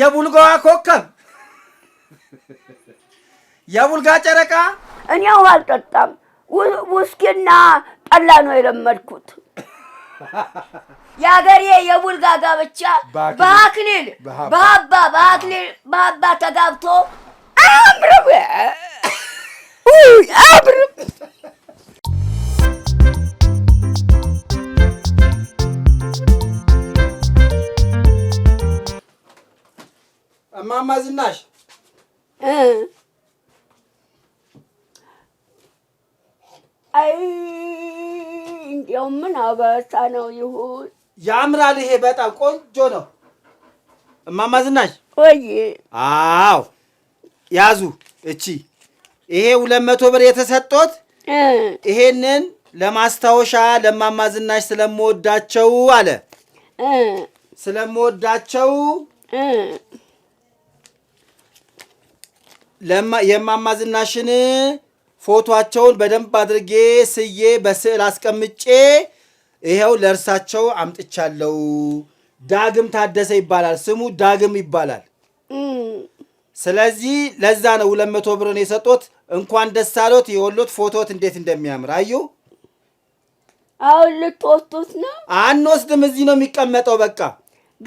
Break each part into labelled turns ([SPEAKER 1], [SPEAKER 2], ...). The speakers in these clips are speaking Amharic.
[SPEAKER 1] የቡልጋዋ ኮከብ የቡልጋ ጨረቃ።
[SPEAKER 2] እኔ ውሃ አልጠጣም፣ ውስኪና ጠላ ነው የለመድኩት። የአገሬ የቡልጋ ጋብቻ በአክሊል በአባ በአክሊል በሀባ ተጋብቶ አምርም አምርም
[SPEAKER 1] እማማ ዝናሽ
[SPEAKER 2] አይ እንዲያው ምን አበሳ ነው ይሁን
[SPEAKER 1] ያምራል። ይሄ በጣም ቆንጆ ነው። እማማ ዝናሽ ወይ አዎ፣ ያዙ። እቺ ይሄ ሁለት መቶ ብር የተሰጦት ይሄንን ለማስታወሻ ለማማ ዝናሽ ስለምወዳቸው አለ ስለምወዳቸው የማማ ዝናሽን ፎቶቸውን በደንብ አድርጌ ስዬ በስዕል አስቀምጬ ይኸው ለእርሳቸው አምጥቻለሁ። ዳግም ታደሰ ይባላል ስሙ፣ ዳግም ይባላል። ስለዚህ ለዛ ነው ሁለት መቶ ብርን የሰጦት። እንኳን ደስ አሎት። የወሎት ፎቶት እንዴት እንደሚያምር አዩ።
[SPEAKER 2] አሁን ልትወስዱት ነው?
[SPEAKER 1] አንወስድም፣ እዚህ ነው የሚቀመጠው። በቃ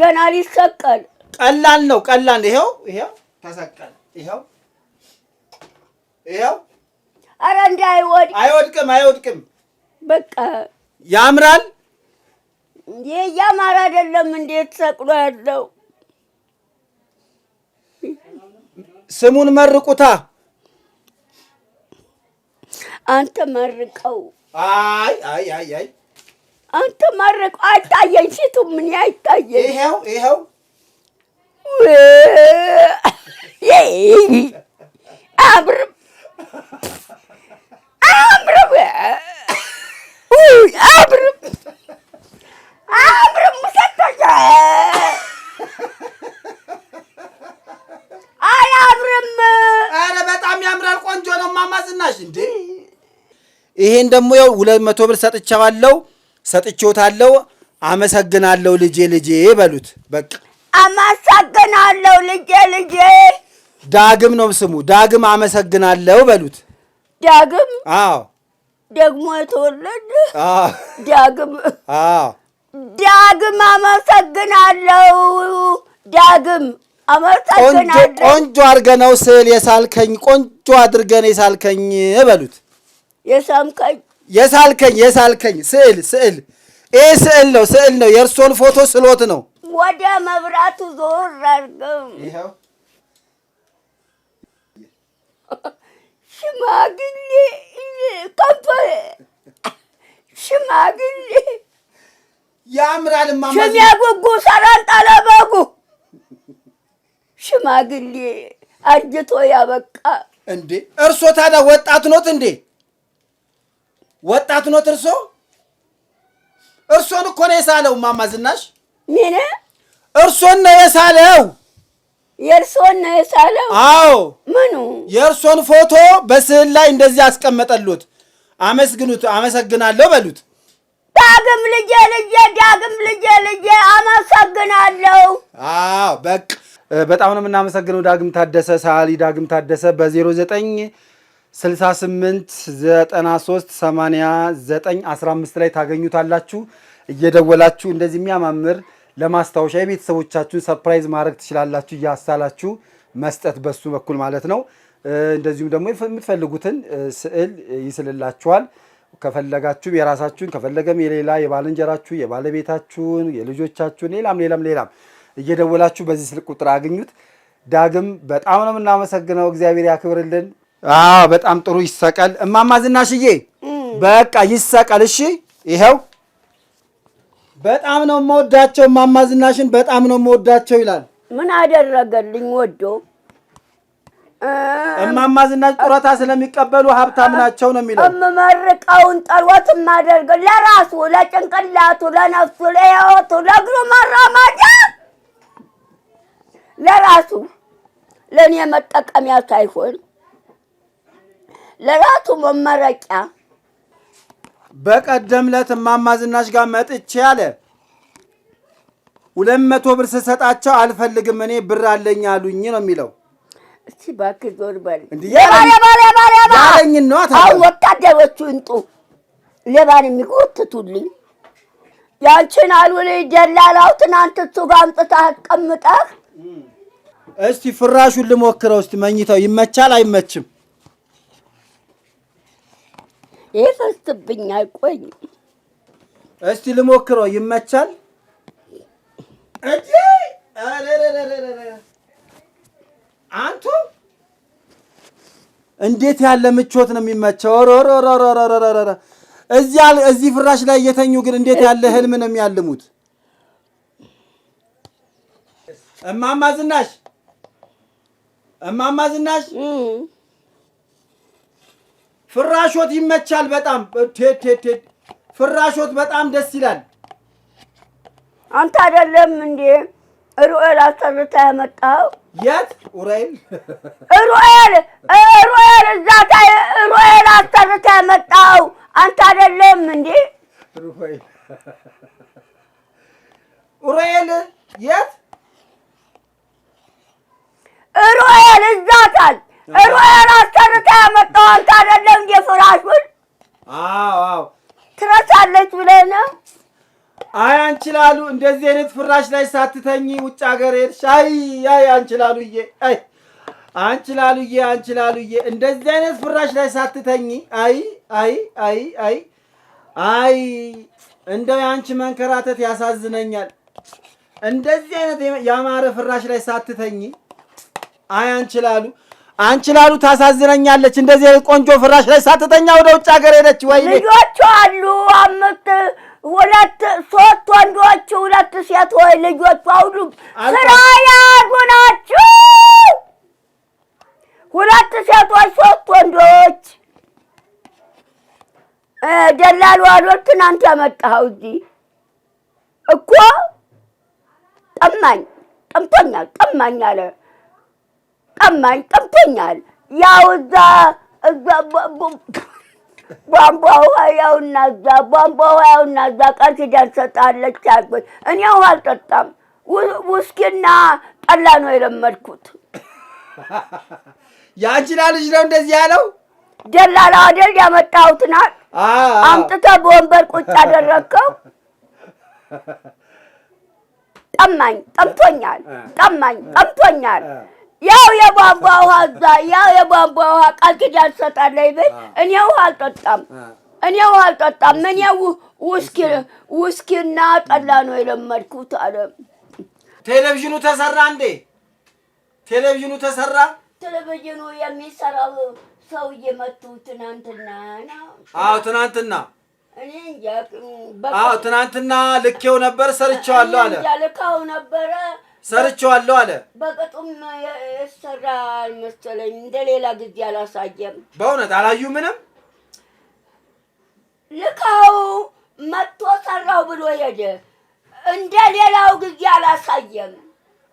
[SPEAKER 2] ገና ሊሰቀል
[SPEAKER 1] ቀላል ነው፣ ቀላል ይኸው፣ ይኸው ተሰቀል፣ ይኸው ይኸው።
[SPEAKER 2] ኧረ እንደ አይወድቅም፣
[SPEAKER 1] አይወድቅም፣ አይወድቅም። በቃ ያምራል።
[SPEAKER 2] ይሄ እያማረ አይደለም። እንዴት ሰቅሎ ያለው
[SPEAKER 1] ስሙን መርቁታ።
[SPEAKER 2] አንተ መርቀው።
[SPEAKER 1] አይ አይ አይ አይ
[SPEAKER 2] አንተ መርቀው። አይታየኝ፣ ፊቱ ምን አይታየኝ።
[SPEAKER 1] ይኸው ይኸው
[SPEAKER 2] አብርም አያምርም፣
[SPEAKER 1] አያምርም፣ በጣም ያምራል። ቆንጆ ነው እማማ ዝናሽ። እንዴ ይሄን ደግሞ ያው ሁለት መቶ ብር ሰጥቼዋለሁ፣ ሰጥቼዎታለሁ። አመሰግናለሁ ልጄ ልጄ በሉት። በቃ
[SPEAKER 2] አመሰግናለሁ ልጄ ልጄ
[SPEAKER 1] ዳግም ነው ስሙ። ዳግም አመሰግናለሁ በሉት። ዳግም አዎ፣
[SPEAKER 2] ደግሞ የተወለድ ዳግም አዎ፣ ዳግም አመሰግናለሁ። ዳግም አመሰግናለሁ።
[SPEAKER 1] ቆንጆ ነው ስል የሳልከኝ፣ ቆንጆ አድርገን የሳልከኝ በሉት።
[SPEAKER 2] የሳምከኝ
[SPEAKER 1] የሳልከኝ የሳልከኝ ስዕል ስዕል ይህ ስዕል ነው ስዕል ነው። የእርሶን ፎቶ ስሎት ነው
[SPEAKER 2] ወደ መብራቱ ዞር አድርገው ሽማግሌ ከንፈር ሽማግሌ
[SPEAKER 1] ያምራል የሚያጎጉ
[SPEAKER 2] ሰራን ጠለበጉ ሽማግሌ አርጅቶ ያበቃ
[SPEAKER 1] እንዴ! እርሶ ታዲያ ወጣት ኖት እንዴ? ወጣት ኖት እርሶ? እርሶን እኮ ነው የሳለው ዝናሽ ምን እርሶን ነው የሳለው።
[SPEAKER 2] የእርሶን ሳለው? አዎ። ምኑ?
[SPEAKER 1] የእርሶን ፎቶ በስዕል ላይ እንደዚህ አስቀመጠሉት። አመስግኑት። አመሰግናለሁ በሉት።
[SPEAKER 2] ዳግም ልጄ ልጄ ዳግም ልጄ ልጄ አመሰግናለሁ።
[SPEAKER 1] አዎ በቃ በጣም ነው የምናመሰግነው። ዳግም ታደሰ ሰዓሊ ዳግም ታደሰ በ09 68 93 89 15 ላይ ታገኙታላችሁ። እየደወላችሁ እንደዚህ የሚያማምር ለማስታወሻ የቤተሰቦቻችሁን ሰርፕራይዝ ማድረግ ትችላላችሁ፣ እያሳላችሁ መስጠት በሱ በኩል ማለት ነው። እንደዚሁም ደግሞ የምትፈልጉትን ስዕል ይስልላችኋል። ከፈለጋችሁም የራሳችሁን ከፈለገም የሌላ የባልንጀራችሁ፣ የባለቤታችሁን፣ የልጆቻችሁን ሌላም ሌላም ሌላም እየደወላችሁ በዚህ ስልክ ቁጥር አግኙት። ዳግም በጣም ነው የምናመሰግነው። እግዚአብሔር ያክብርልን። በጣም ጥሩ ይሰቀል። እማማ ዝናሽዬ በቃ ይሰቀል። እሺ ይኸው በጣም ነው የምወዳቸው እማማ ዝናሽን በጣም ነው የምወዳቸው ይላል።
[SPEAKER 2] ምን አደረገልኝ ወዶ? እማማ ዝናሽ ጡረታ ስለሚቀበሉ ሀብታም ናቸው ነው የሚለው። የምመርቀውን ጠሎት የማደርገው ለራሱ ለጭንቅላቱ፣ ለነፍሱ፣ ለህይወቱ፣ ለእግሩ መራማጃ ለራሱ ለእኔ መጠቀሚያ ሳይሆን ለራሱ መመረቂያ
[SPEAKER 1] በቀደም ዕለት እማማ ዝናሽ ጋር መጥቼ አለ ሁለት መቶ ብር ስሰጣቸው አልፈልግም እኔ ብር አለኝ አሉኝ ነው የሚለው።
[SPEAKER 2] እስቲ እባክህ ዞር በል ያለኝ ነዋ። አሁን ወታደሮቹ እንጡ ሌባን የሚጎትቱልኝ ያንቺን አሉን ደላላው ትናንት እሱ ጋር አምጥተህ አስቀምጠህ
[SPEAKER 1] እስቲ ፍራሹን ልሞክረው። እስቲ መኝታው ይመቻል አይመችም?
[SPEAKER 2] ይፈስትብኝ አይቆይም።
[SPEAKER 1] እስቲ ልሞክረው፣ ይመቻል እንጂ አንቱ እንዴት ያለ ምቾት ነው የሚመቸው! እዚህ ፍራሽ ላይ እየተኙ ግን እንዴት ያለ ህልም ነው የሚያልሙት! እማማ ዝናሽ እማማ ዝናሽ ፍራሾት ይመቻል በጣም ቴቴቴ ፍራሾት በጣም ደስ ይላል።
[SPEAKER 2] አንተ አይደለም እንዴ ሩኤል አሰርታ ያመጣው?
[SPEAKER 1] የት ኡራኤል
[SPEAKER 2] ሩኤል ሩኤል እዛ ታይ ሩኤል አሰርታ ያመጣው አንተ አይደለም እንዴ
[SPEAKER 1] ሩኤል ኡራኤል የት
[SPEAKER 2] ሩኤል እዛ ሮያል አስጠርታ ያመጣው አንተ አይደለም እንደ ፍራሹን?
[SPEAKER 1] አዎ አዎ፣
[SPEAKER 2] ትረሳለች ብለህ ነው?
[SPEAKER 1] አይ አንቺ እንደዚህ አይነት ፍራሽ ላይ ሳትተኝ ውጭ ሀገር ሄድሽ? አይ አይ፣ አንቺ ላሉዬ፣ አይ አንቺ አይ አንቺ ላሉዬ እንደዚህ አይነት ፍራሽ ላይ ሳትተኝ፣ አይ አይ አይ አይ አይ፣ እንደው የአንቺ መንከራተት ያሳዝነኛል። እንደዚህ አይነት ያማረ ፍራሽ ላይ ሳትተኝ፣ አይ አንቺ አንቺ ላሉ ታሳዝነኛለች። እንደዚህ ቆንጆ ፍራሽ ላይ ሳትተኛ ወደ ውጭ ሀገር ሄደች። ወይ
[SPEAKER 2] ልጆቹ አሉ አምስት ሁለት ሶስት ወንዶች ሁለት ሴት። ወይ ልጆቹ አውሉ ስራ ያሉ ናችሁ። ሁለት ሴቶች ሶስት ወንዶች። ደላሉ አሉት። ትናንት ያመጣኸው እዚህ እኮ ጠማኝ ጠምቶኛል ጠማኝ አለ ጠማኝ፣ ጠምቶኛል። ያው እዛ እዛ ቧንቧ ውሃ ያው እና ቧንቧ ውሃ ያው እና ቃል ኪዳን ሰጣለች አልኩት። እኔ ውሃ አልጠጣም፣ ውስኪና ጠላ ነው የለመድኩት።
[SPEAKER 1] ያንቺና ልጅ ነው እንደዚህ ያለው
[SPEAKER 2] ደላላ አይደል? ያመጣሁት ናት በወንበር ቁጭ አደረግከው። ጠማኝ ጠምቶኛል፣ ጠማኝ ጠምቶኛል ያው የቧንቧ ውሃ እዛ ያው የቧንቧ ውሃ ቃል ኪዳን ሰጣለኝ ይበል። እኔ ውሃ አልጠጣም፣ እኔ ውሃ አልጠጣም። እኔ ውስኪ ውስኪና ጠላ ነው የለመድኩት አለ።
[SPEAKER 1] ቴሌቪዥኑ ተሰራ እንዴ? ቴሌቪዥኑ ተሰራ።
[SPEAKER 2] ቴሌቪዥኑ የሚሰራው ሰው መቱ ትናንትና። ነው።
[SPEAKER 1] አዎ ትናንትና እኔ ትናንትና ልኬው ነበር ሰርቼዋለሁ አለ
[SPEAKER 2] ልካው ነበረ
[SPEAKER 1] ሰርቼዋለሁ አለ።
[SPEAKER 2] በቅጡም የሰራ አልመሰለኝ እንደ ሌላ ጊዜ አላሳየም።
[SPEAKER 1] በእውነት አላዩ ምንም
[SPEAKER 2] ልካው መጥቶ ሰራው ብሎ ሄደ። እንደ ሌላው ጊዜ አላሳየም።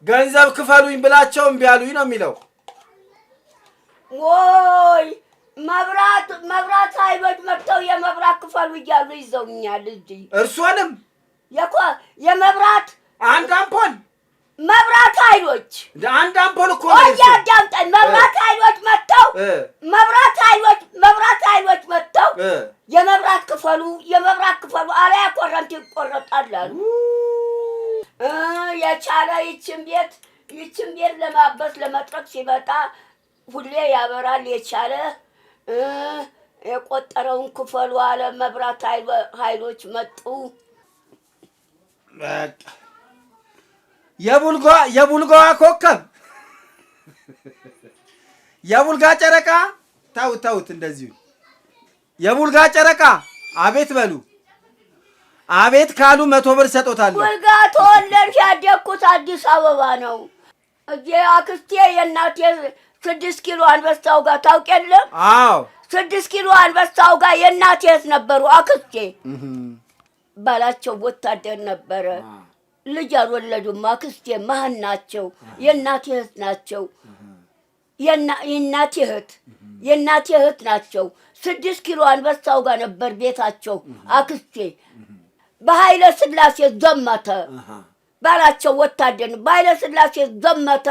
[SPEAKER 1] ገንዘብ ክፈሉኝ ብላቸው እምቢ አሉኝ ነው የሚለው።
[SPEAKER 2] ወይ መብራት መብራት ኃይሎች መጥተው የመብራት ክፈሉ እያሉ ይዘውኛል። እዚህ እርሶንም የመብራት አንድ አምፖል መብራት ኃይሎች
[SPEAKER 1] አንድ አምፖል እኮ ነው። ወይ
[SPEAKER 2] አዳምጠን። መብራት ኃይሎች መጥተው መብራት ኃይሎች መብራት ኃይሎች መጥተው የመብራት ክፈሉ የመብራት ክፈሉ አለያ ኮረንት ይቆረጣል የቻለ ይችን ቤት ይችን ቤት ለማበስ ለመጥረቅ ሲመጣ ሁሌ ያበራል የቻለ የቆጠረውን ክፈሉ አለ። መብራት ኃይሎች መጡ።
[SPEAKER 1] የቡልጋዋ ኮከብ የቡልጋ ጨረቃ ታውት ታውት እንደዚሁ የቡልጋ ጨረቃ አቤት በሉ አቤት ካሉ መቶ ብር ሰጦታለሁ።
[SPEAKER 2] ቡልጋ ተወለድሽ ያደግኩት አዲስ አበባ ነው። አክስቴ የእናቴ ስድስት ኪሎ አንበሳው ጋር ታውቅ የለም? አዎ ስድስት ኪሎ አንበሳው ጋር የእናቴ እህት ነበሩ። አክስቴ ባላቸው ወታደር ነበረ። ልጅ አልወለዱም። አክስቴማ እህት ናቸው፣ የእናቴ እህት ናቸው። የእናቴ እህት የእናቴ እህት ናቸው። ስድስት ኪሎ አንበሳው ጋር ነበር ቤታቸው። አክስቴ በኃይለ ስላሴ ዘመተ ባላቸው ወታደር በኃይለ ስላሴ ዘመተ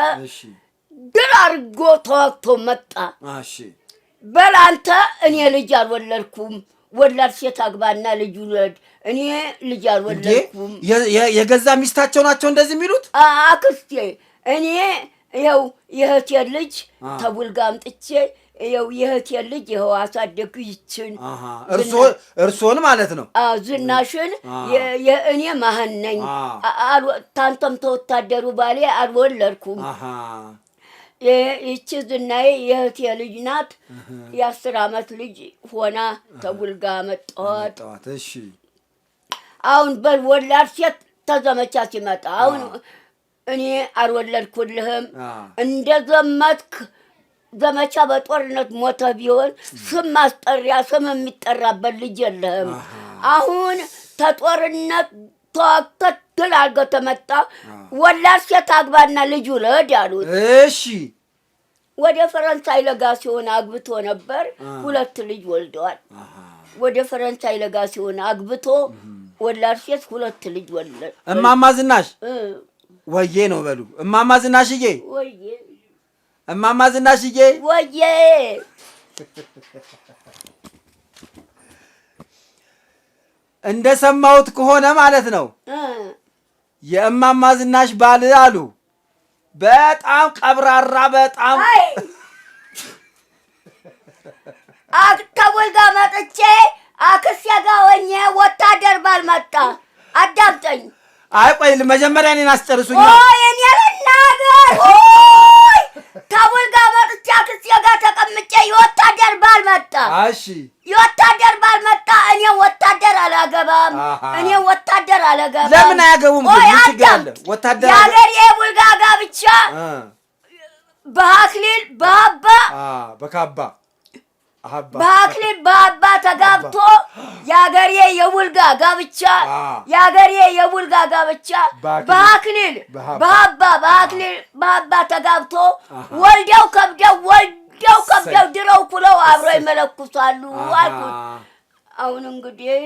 [SPEAKER 2] ድር አድርጎ ተዋግቶ መጣ። በላንተ እኔ ልጅ አልወለድኩም፣ ወላድ ሴት አግባና ልጅ ውለድ እኔ ልጅ አልወለድኩም።
[SPEAKER 1] የገዛ ሚስታቸው ናቸው እንደዚህ የሚሉት
[SPEAKER 2] አክስቴ። እኔ ይኸው የእህቴን ልጅ ተቡልጋ አምጥቼ ይኸው የእህቴን ልጅ ይኸው አሳደግ ይችን
[SPEAKER 1] እርሶን ማለት ነው
[SPEAKER 2] ዝናሽን እኔ መሀን ነኝ። ታንተም ተወታደሩ ባሌ አልወለድኩም። ይቺ ዝናዬ የእህቴ ልጅ ናት። የአስር አመት ልጅ ሆና ተቡልጋ መጣኋት። አሁን በወላድ ሴት ተዘመቻ ሲመጣ አሁን እኔ አልወለድኩልህም እንደ ዘመትክ ዘመቻ በጦርነት ሞተ ቢሆን ስም ማስጠሪያ ስም የሚጠራበት ልጅ የለህም። አሁን ተጦርነት ተዋግተህ ድል ተመጣ ወላድ ሴት አግባና ልጅ ውለድ አሉት። እሺ ወደ ፈረንሳይ ለጋ ሲሆን አግብቶ ነበር። ሁለት ልጅ ወልደዋል። ወደ ፈረንሳይ ለጋ ሲሆን አግብቶ ወላድ ሴት ሁለት ልጅ ወለድ።
[SPEAKER 1] እማማ ዝናሽ ወዬ ነው በሉ። እማማ ዝናሽዬ ወዬ፣ እማማ ዝናሽዬ ወዬ። እንደ ከሆነ ማለት ነው የእማማ ዝናሽ ባል አሉ በጣም ቀብራራ፣ በጣም
[SPEAKER 2] አክታ ወልጋ መጥቼ አክስ ያጋወኝ ወታደር ባልመጣ አዳምጠኝ።
[SPEAKER 1] አይ ቆይ መጀመሪያ እኔን አስጨርሱኝ።
[SPEAKER 2] ኦይ ልናገር። ኦይ ተቡል ጋር መጥቼ አክስ ያጋ ተቀምጬ የወታደር ባልመጣ እሺ፣ የወታደር ባልመጣ እኔ ወታደር አላገባም። እኔ ወታደር አላገባም።
[SPEAKER 1] ለምን አያገቡም? ኦይ አዳምጥ።
[SPEAKER 2] ወታደር ያገር የቡልጋጋ ብቻ በአክሊል በአባ
[SPEAKER 1] በካባ በአክሊል በአባ ተጋብቶ የአገሬ የቡልጋ ጋብቻ
[SPEAKER 2] የአገሬ የቡልጋ ጋብቻ
[SPEAKER 1] በአክሊል
[SPEAKER 2] በአባ በአክሊል በአባ ተጋብቶ ወልደው ከብደው ወልደው ከብደው ድረው ኩለው አብሮ ይመለኩሳሉ አልኩት። አሁን እንግዲህ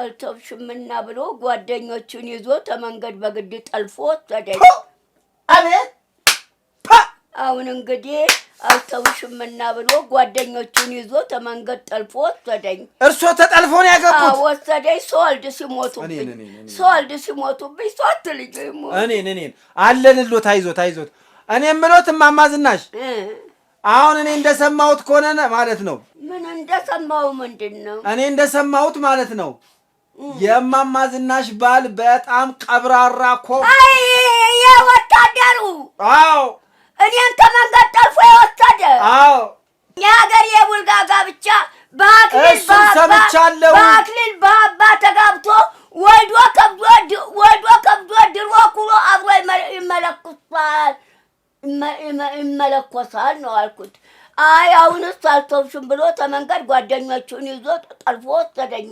[SPEAKER 2] አልተብሽምና ብሎ ጓደኞቹን ይዞ ተመንገድ በግድ ጠልፎ ተደ አቤት አሁን እንግዲህ እና ብሎ ጓደኞቹን ይዞ ተመንገድ ጠልፎ ወሰደኝ።
[SPEAKER 1] እርሶ ተጠልፎ ነው ያገቡት?
[SPEAKER 2] ወሰደኝ። ሰዋልድ ሲሞቱብኝ ሰዋልድ ሲሞቱብኝ ሶት ልጅ
[SPEAKER 1] እኔን እኔን አለንሎ ታይዞ ታይዞት እኔ የምሎት እማማ ዝናሽ አሁን እኔ እንደሰማሁት ከሆነ ማለት ነው።
[SPEAKER 2] ምን እንደሰማሁ ምንድን ነው?
[SPEAKER 1] እኔ እንደሰማሁት ማለት ነው የእማማ ዝናሽ ባል በጣም ቀብራራ ኮ
[SPEAKER 2] አይ የወታደሩ አዎ እኔን ከመንገድ ጠልፎ የወሰደ አዎ የሀገር የቡልጋጋ ብቻ በአክሊል በአክሊል በአባ ተጋብቶ ወልዶ ከብዶ ወልዶ ከብዶ ድሮ ኩሎ አብሮ ይመለኮሳል ይመለኮሳል ነው አልኩት። አይ አሁንስ አልተውሽም ብሎ ተመንገድ ጓደኞቹን ይዞ ጠልፎ ወሰደኝ።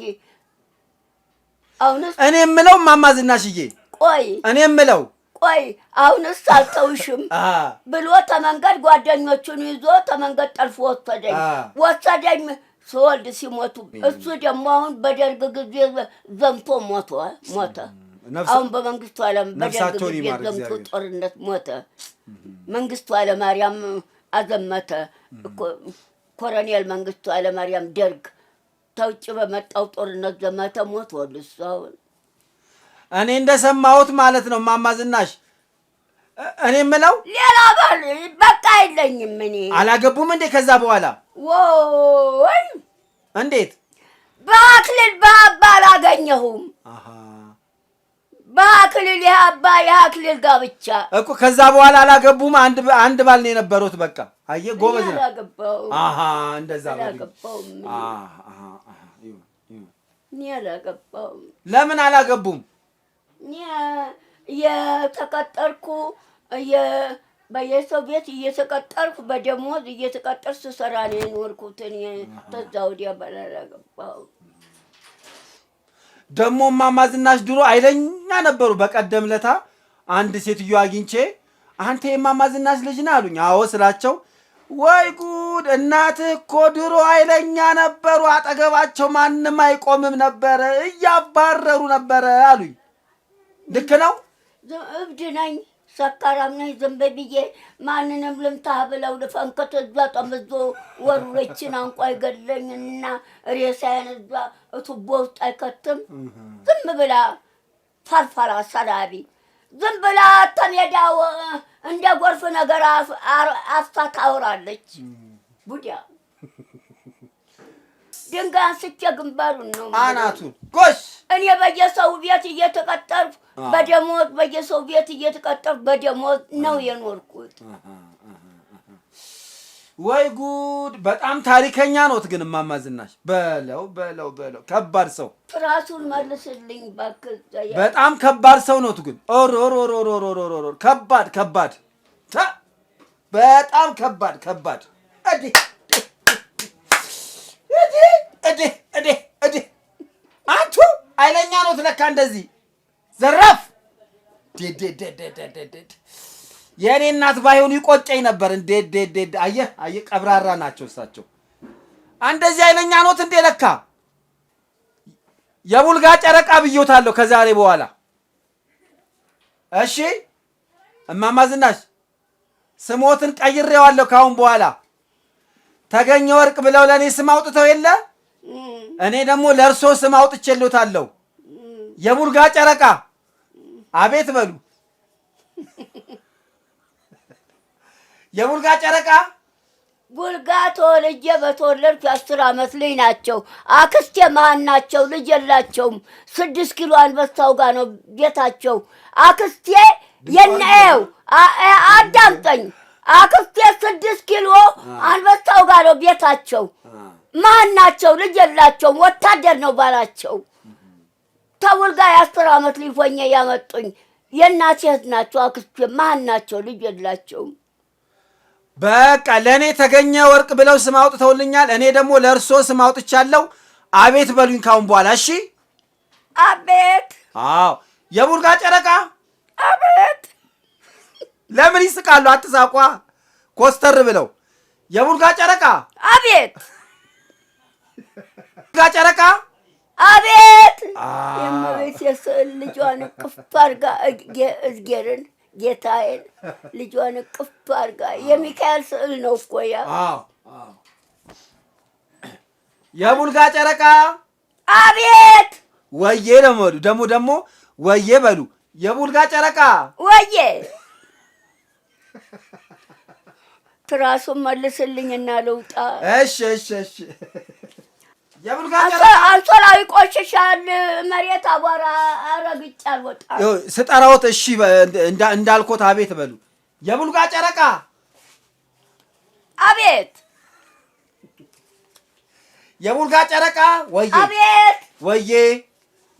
[SPEAKER 1] አሁን እኔ የምለው እማማ ዝናሽዬ ቆይ እኔ የምለው
[SPEAKER 2] ቆይ አሁንስ አልተውሽም ብሎ ተመንገድ ጓደኞቹን ይዞ ተመንገድ ጠልፎ ወሰደኝ ወሰደኝ ሲሞቱ እሱ ደግሞ አሁን በደርግ ጊዜ ዘምቶ ሞቶ ሞተ። አሁን በመንግስቱ አለም በደርግ ጊዜ ዘምቶ ጦርነት ሞተ። መንግስቱ ኃይለማርያም አዘመተ። ኮሎኔል መንግስቱ ደርግ ተውጭ በመጣው ጦርነት ዘመተ ሞቶ ወልሱ አሁን
[SPEAKER 1] እኔ እንደሰማሁት ማለት ነው እማማ ዝናሽ። እኔ የምለው
[SPEAKER 2] ሌላ ባል በቃ የለኝም። እኔ
[SPEAKER 1] አላገቡም እንዴ? ከዛ በኋላ ወይ እንዴት
[SPEAKER 2] በአክልል በአባ አላገኘሁም። በአክልል የአባ የአክልል ጋብቻ
[SPEAKER 1] እኮ ከዛ በኋላ አላገቡም። አንድ አንድ ባል ነው የነበሩት። በቃ አየ ጎበዝ ነው። እንደዛ አላገባውም። ለምን አላገቡም?
[SPEAKER 2] እየተቀጠርኩ በየሰው ቤት እየተቀጠርኩ በደሞዝ እየተቀጠር ስሰራ ነው የኖርኩትን። ተዛ ወዲያ ባላረገባው
[SPEAKER 1] ደግሞ እማማ ዝናሽ ድሮ አይለኛ ነበሩ። በቀደም ለታ አንድ ሴትዮ አግኝቼ አንተ የእማማ ዝናሽ ልጅ ነህ አሉኝ። አዎ ስላቸው፣ ወይ ጉድ እናትህ እኮ ድሮ አይለኛ ነበሩ፣ አጠገባቸው ማንም አይቆምም ነበረ፣ እያባረሩ ነበረ አሉኝ። ልክ ነው።
[SPEAKER 2] እብድ ነኝ፣ ሰካራም ነኝ። ብዬ ማንንም ልምታ ብለው ልፈንከት እዛ ጠምዞ ወሮችን አንቋ አይገድለኝ እና ሬሳዬን እዛ እቱቦ ውስጥ አይከትም። ዝም ብላ ፈርፈራ ሰላቢ ዝም ብላ ተሜዳ እንደ ጎርፍ ነገር አፍታ ታወራለች ቡዲያ ድንጋይ አንስቼ ግንባሩን ነው
[SPEAKER 1] አናቱን ጎሽ።
[SPEAKER 2] እኔ በየሰው ቤት እየተቀጠርኩ በደሞዝ በየሰው ቤት እየተቀጠርኩ በደሞዝ ነው የኖርኩት።
[SPEAKER 1] ወይ ጉድ! በጣም ታሪከኛ ኖት ግን እማማ ዝናሽ። በለው በለው በለው፣ ከባድ ሰው
[SPEAKER 2] ራሱን መልስልኝ እባክህ።
[SPEAKER 1] በጣም ከባድ ሰው ኖት ግን ኦሮሮሮሮሮሮሮ፣ ከባድ ከባድ፣ በጣም ከባድ ከባድ ሃይማኖት ለካ እንደዚህ ዘራፍ የእኔ እናት ባይሆኑ ይቆጨኝ ነበር። እንዴ አየህ አየህ፣ ቀብራራ ናቸው እሳቸው። እንደዚህ አይለኛ ኖት እንዴ ለካ የቡልጋ ጨረቃ ብዬታለሁ ከዛሬ በኋላ። እሺ እማማ ዝናሽ ስሞትን ቀይሬዋለሁ ካሁን በኋላ ተገኘ ወርቅ ብለው ለእኔ ስም አውጥተው የለ እኔ ደግሞ ለእርሶ ስም አውጥቼልዎታለሁ። የቡርጋ ጨረቃ አቤት በሉ። የቡርጋ ጨረቃ
[SPEAKER 2] ቡልጋ ተወልጄ በተወለድኩ የአስር ዓመት ልጅ ናቸው። አክስቴ መሀን ናቸው። ልጅ የላቸውም። ስድስት ኪሎ አንበሳው ጋር ነው ቤታቸው። አክስቴ የነው አዳምጠኝ። አክስቴ ስድስት ኪሎ አንበሳው ጋር ነው ቤታቸው። መሀን ናቸው። ልጅ የላቸውም። ወታደር ነው ባላቸው። ተውልጋ የአስር ዓመት ልጅ ያመጡኝ የእናቴ እህት ናቸው። አክስቴ መሀን ናቸው። ልጅ የላቸውም።
[SPEAKER 1] በቃ ለእኔ ተገኘ ወርቅ ብለው ስም አውጥተውልኛል። እኔ ደግሞ ለእርሶ ስም አውጥቻለሁ። አቤት በሉኝ ካሁን በኋላ እሺ። አቤት። አዎ የቡርጋ ጨረቃ። አቤት። ለምን ይስቃሉ? አትሳቋ፣ ኮስተር ብለው የቡርጋ ጨረቃ። አቤት ቡርጋ ጨረቃ
[SPEAKER 2] አቤት የእመቤት የስዕል ልጇን እቅፍ አድርጋ እዝጌርን ጌታዬን ልጇን እቅፍ አድርጋ የሚካኤል ስዕል ነው እኮ ያ
[SPEAKER 1] የቡልጋ ጨረቃ
[SPEAKER 2] አቤት
[SPEAKER 1] ወዬ ለመዱ ደግሞ ደግሞ ወዬ በሉ የቡልጋ ጨረቃ
[SPEAKER 2] ወዬ ትራሱን መልስልኝና ልውጣ።
[SPEAKER 1] እሺ እሺ እሺ
[SPEAKER 2] አንሶላዊ ቆሽሻል፣ መሬት አቧራ አረግጫ አልወጣም።
[SPEAKER 1] ስጠራዎት እሺ እንዳልኮት አቤት በሉ። የቡልጋ ጨረቃ አቤት፣ የቡልጋ ጨረቃ ወዬ፣ አቤት ወዬ፣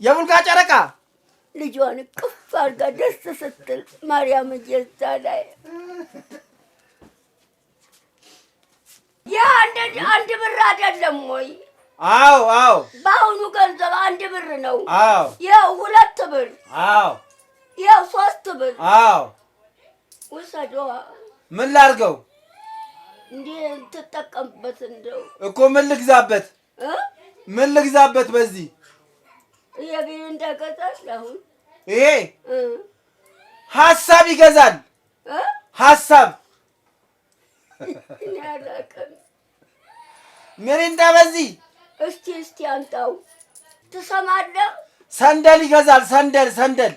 [SPEAKER 1] የቡልጋ ጨረቃ
[SPEAKER 2] ልጇን ቅፍ አድርጋ ደስ ስትል ማርያም እየዛ ላይ ያ አንድ ብር አይደለም ወይ
[SPEAKER 1] አዎ አዎ።
[SPEAKER 2] በአሁኑ ገንዘብ አንድ ብር ነው። አዎ። ይኸው ሁለት ብር። አዎ። ይኸው ሶስት ብር። አዎ። ውሰዶ። ምን ላድርገው? እንዴ ትጠቀምበት። እንደው
[SPEAKER 1] እኮ ምን ልግዛበት? ምን ልግዛበት? በዚህ
[SPEAKER 2] የቢል እንደገዛሽ አሁን
[SPEAKER 1] ይሄ ሀሳብ ይገዛል። ሀሳብ ምን እንዳ በዚህ
[SPEAKER 2] እስቲ እስቲ አምጣው። ትሰማለህ?
[SPEAKER 1] ሰንደል ይገዛል። ሰንደል ሰንደል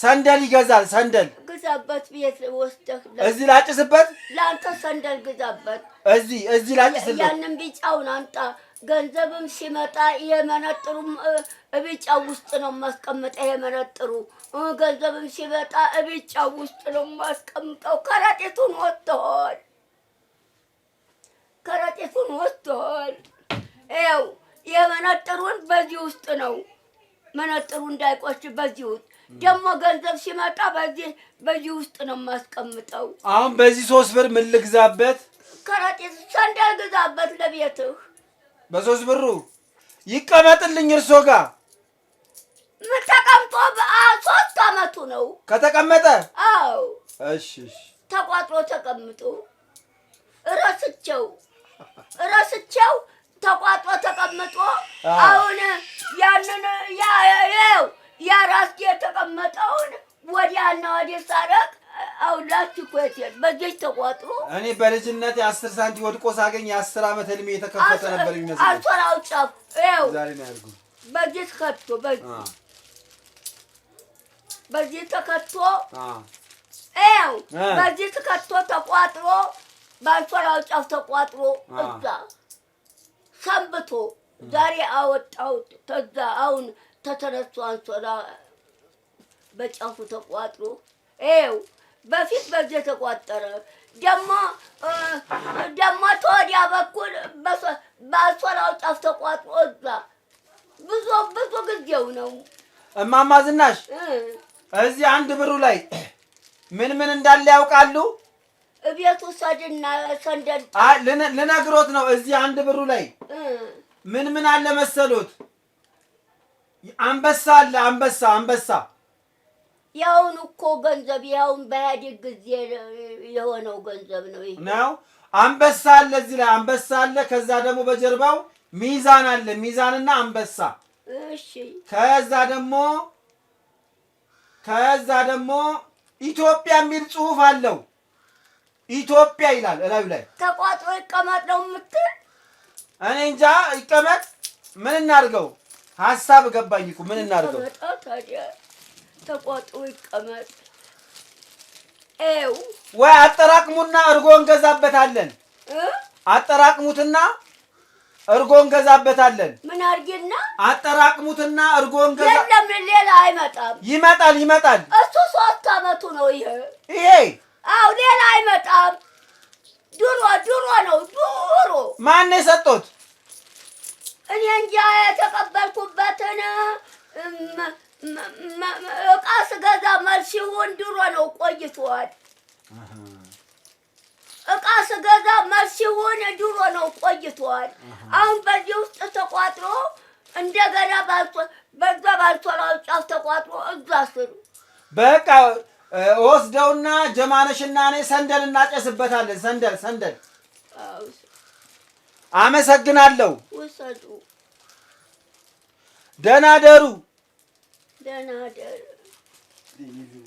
[SPEAKER 1] ሰንደል ይገዛል። ሰንደል
[SPEAKER 2] ግዛበት። ቤት ወስደህ
[SPEAKER 1] እዚህ ላጭስበት።
[SPEAKER 2] ለአንተ ሰንደል ግዛበት።
[SPEAKER 1] እዚህ እዚህ ላጭስበት።
[SPEAKER 2] ያንን ቢጫውን አምጣ። ገንዘብም ሲመጣ የመነጥሩም እቢጫው ውስጥ ነው ማስቀምጠው። የመነጥሩ ገንዘብም ሲመጣ እቢጫው ውስጥ ነው ማስቀምጠው። ከረጢቱን ወጥቷል። ከረጢቱን ወጥቷል። ይኸው የመነጥሩን በዚህ ውስጥ ነው። መነጥሩ እንዳይቆች በዚህ ውስጥ ደግሞ ገንዘብ ሲመጣ በዚህ በዚህ ውስጥ ነው የማስቀምጠው።
[SPEAKER 1] አሁን በዚህ ሶስት ብር ምን ልግዛበት?
[SPEAKER 2] ከረጢት ሰንደል ግዛበት ለቤትህ።
[SPEAKER 1] በሶስት ብሩ ይቀመጥልኝ እርሶ ጋር
[SPEAKER 2] ምን ተቀምጦ ሶስት አመቱ ነው ከተቀመጠ። አዎ እሺ፣ ተቋጥሮ ተቀምጦ እረስቸው እረስቸው ተቋጦ ተቀምጦ አሁን ያንን ያው ያራስ የተቀመጠውን ወዲያና ወዲህ ሳረቅ አሁን ላስቲኩ የት ተቋጥሮ
[SPEAKER 1] እኔ በልጅነት የአስር ሳንቲ ወድቆ ሳገኝ የአስር ዓመት ዕድሜ የተከፈተ ነበር የሚመስለኝ።
[SPEAKER 2] አልሶላው ጫፍ ይኸው በዚህ ከቶ በዚህ ተከቶ ይኸው በዚህ ተከቶ ተቋጥሮ በአልሶላው ጫፍ ተቋጥሮ እዛ ሰንብቶ ዛሬ አወጣሁት። ተዛ አሁን ተተነሱ አንሶላ በጫፉ ተቋጥሮ ይኸው በፊት በዚህ ተቋጠረ። ደማ ደማ ተወዲያ በኩል በአንሶላው ጫፍ ተቋጥሮ እዛ ብዙ ብዙ ጊዜው ነው።
[SPEAKER 1] እማማ ዝናሽ እዚህ አንድ ብሩ ላይ ምን ምን እንዳለ ያውቃሉ?
[SPEAKER 2] እቤቱ ሰድና ሰንደል
[SPEAKER 1] ልነግሮት ነው። እዚህ አንድ ብሩ ላይ ምን ምን አለ መሰሉት? አንበሳ አለ። አንበሳ አንበሳ
[SPEAKER 2] ያውን እኮ ገንዘብ ያውን በኢህአዴግ ጊዜ የሆነው ገንዘብ ነው
[SPEAKER 1] ነው። አንበሳ አለ እዚህ ላይ አንበሳ አለ። ከዛ ደግሞ በጀርባው ሚዛን አለ። ሚዛንና አንበሳ እሺ። ከዛ ደግሞ ከዛ ደግሞ ኢትዮጵያ የሚል ጽሑፍ አለው። ኢትዮጵያ ይላል እላዩ ላይ
[SPEAKER 2] ተቋጥሮ ይቀመጥ ነው የምትል?
[SPEAKER 1] እኔ እንጃ ይቀመጥ። ምን እናድርገው? ሀሳብ ገባኝ እኮ ምን እናድርገው?
[SPEAKER 2] ተቋጥሮ ይቀመጥ። ኤው
[SPEAKER 1] ወይ አጠራቅሙና እርጎ እንገዛበታለን። አጠራቅሙትና እርጎ እንገዛበታለን።
[SPEAKER 2] ምን አድርጊና?
[SPEAKER 1] አጠራቅሙትና እርጎ እንገዛ።
[SPEAKER 2] ሌላ አይመጣም።
[SPEAKER 1] ይመጣል፣ ይመጣል።
[SPEAKER 2] እሱ ሶስት አመቱ ነው ይሄ ይሄ አው ሌላ አይመጣም። ድሮ ድሮ ነው ድሮ።
[SPEAKER 1] ማን የሰጡት?
[SPEAKER 2] እኔ እንጃ። የተቀበልኩበትን እቃ ስገዛ መልስ ይሁን ድሮ ነው ቆይቷል። እቃ ስገዛ መልስ ይሁን ድሮ ነው ቆይቷል። አሁን በዚህ ውስጥ ተቋጥሮ እንደገና በዛ ባልቶ ጫፍ ተቋጥሮ እዛ ስሩ
[SPEAKER 1] በቃ ወስደውና ጀማነሽና እኔ ሰንደል እናጨስበታለን። ሰንደል ሰንደል። አመሰግናለሁ። ደህና ደሩ።
[SPEAKER 2] ደህና ደሩ።